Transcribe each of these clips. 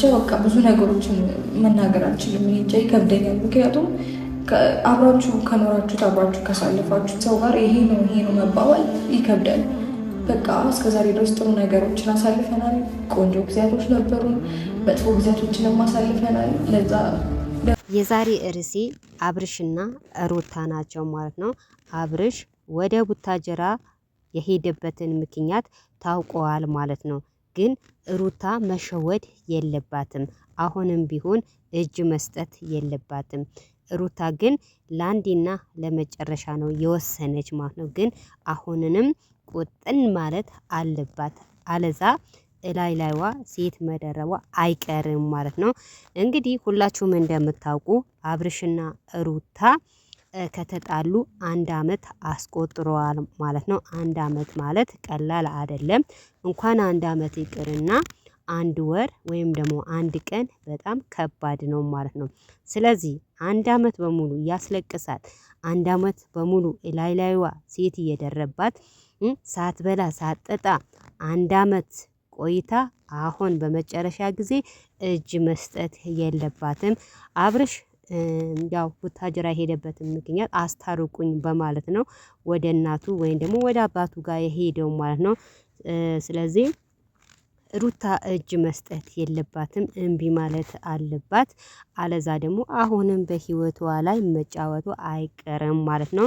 ብቻ በቃ ብዙ ነገሮችን መናገር አልችልም። እንጃ ይከብደኛል። ምክንያቱም አብራችሁ ከኖራችሁት አብራችሁ ካሳለፋችሁት ሰው ጋር ይሄ ነው ይሄ ነው መባባል ይከብዳል። በቃ እስከዛሬ ድረስ ጥሩ ነገሮችን አሳልፈናል። ቆንጆ ጊዜያቶች ነበሩን፣ መጥፎ ጊዜያቶችንም አሳልፈናል። ለዛ የዛሬ ርዕሴ አብርሽና ሩታ ናቸው ማለት ነው። አብርሽ ወደ ቡታጀራ የሄደበትን ምክንያት ታውቀዋል ማለት ነው። ግን ሩታ መሸወድ የለባትም። አሁንም ቢሆን እጅ መስጠት የለባትም። ሩታ ግን ለአንዴና ለመጨረሻ ነው የወሰነች ማለት ነው። ግን አሁንንም ቁጥን ማለት አለባት። አለዛ እላይ ላይዋ ሴት መደረቧ አይቀርም ማለት ነው። እንግዲህ ሁላችሁም እንደምታውቁ አብርሽና ሩታ ከተጣሉ አንድ አመት አስቆጥረዋል ማለት ነው። አንድ አመት ማለት ቀላል አይደለም። እንኳን አንድ አመት ይቅርና አንድ ወር ወይም ደግሞ አንድ ቀን በጣም ከባድ ነው ማለት ነው። ስለዚህ አንድ አመት በሙሉ ያስለቅሳት አንድ አመት በሙሉ ላይ ላይዋ ሴት እየደረባት ሳትበላ ሳትጠጣ አንድ አመት ቆይታ አሁን በመጨረሻ ጊዜ እጅ መስጠት የለባትም። አብርሽ ያው ቡታጅራ የሄደበትን ምክንያት አስታርቁኝ በማለት ነው ወደ እናቱ ወይም ደግሞ ወደ አባቱ ጋር የሄደው ማለት ነው። ስለዚህ ሩታ እጅ መስጠት የለባትም እምቢ ማለት አለባት። አለዛ ደግሞ አሁንም በህይወቷ ላይ መጫወቱ አይቀርም ማለት ነው።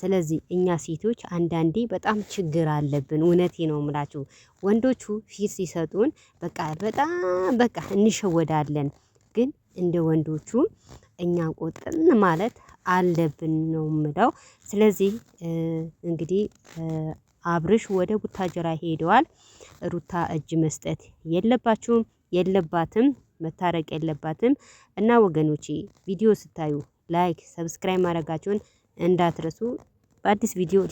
ስለዚህ እኛ ሴቶች አንዳንዴ በጣም ችግር አለብን እውነቴ ነው የምላችሁ። ወንዶቹ ፊት ሲሰጡን በቃ በጣም በቃ እንሸወዳለን። ግን እንደ ወንዶቹ እኛ ቆጥን ማለት አለብን ነው ምለው። ስለዚህ እንግዲህ አብርሽ ወደ ቡታጀራ ሄደዋል። ሩታ እጅ መስጠት የለባችሁም የለባትም መታረቅ የለባትም። እና ወገኖቼ ቪዲዮ ስታዩ ላይክ፣ ሰብስክራይብ ማድረጋችሁን እንዳትረሱ። በአዲስ ቪዲዮ